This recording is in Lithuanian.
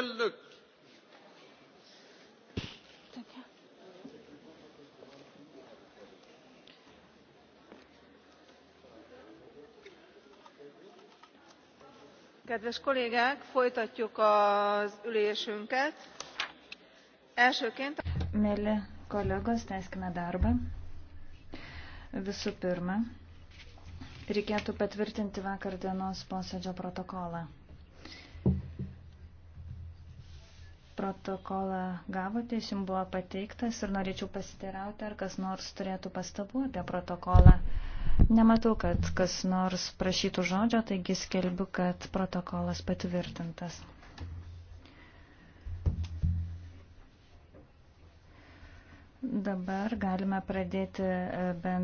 elnök! kedves kollégák folytatjuk az ülésünket. elsőként. mieli kolegos tęskime darbą. visų pirma reikėtų patvirtinti vakar dienos posėdžio protokolą. Protokolą gavote, jis jums buvo pateiktas ir norėčiau pasiteirauti, ar kas nors turėtų pastabų apie protokolą. Nematau, kad kas nors prašytų žodžio, taigi skelbiu, kad protokolas patvirtintas. Dabar galime pradėti e, bendrą.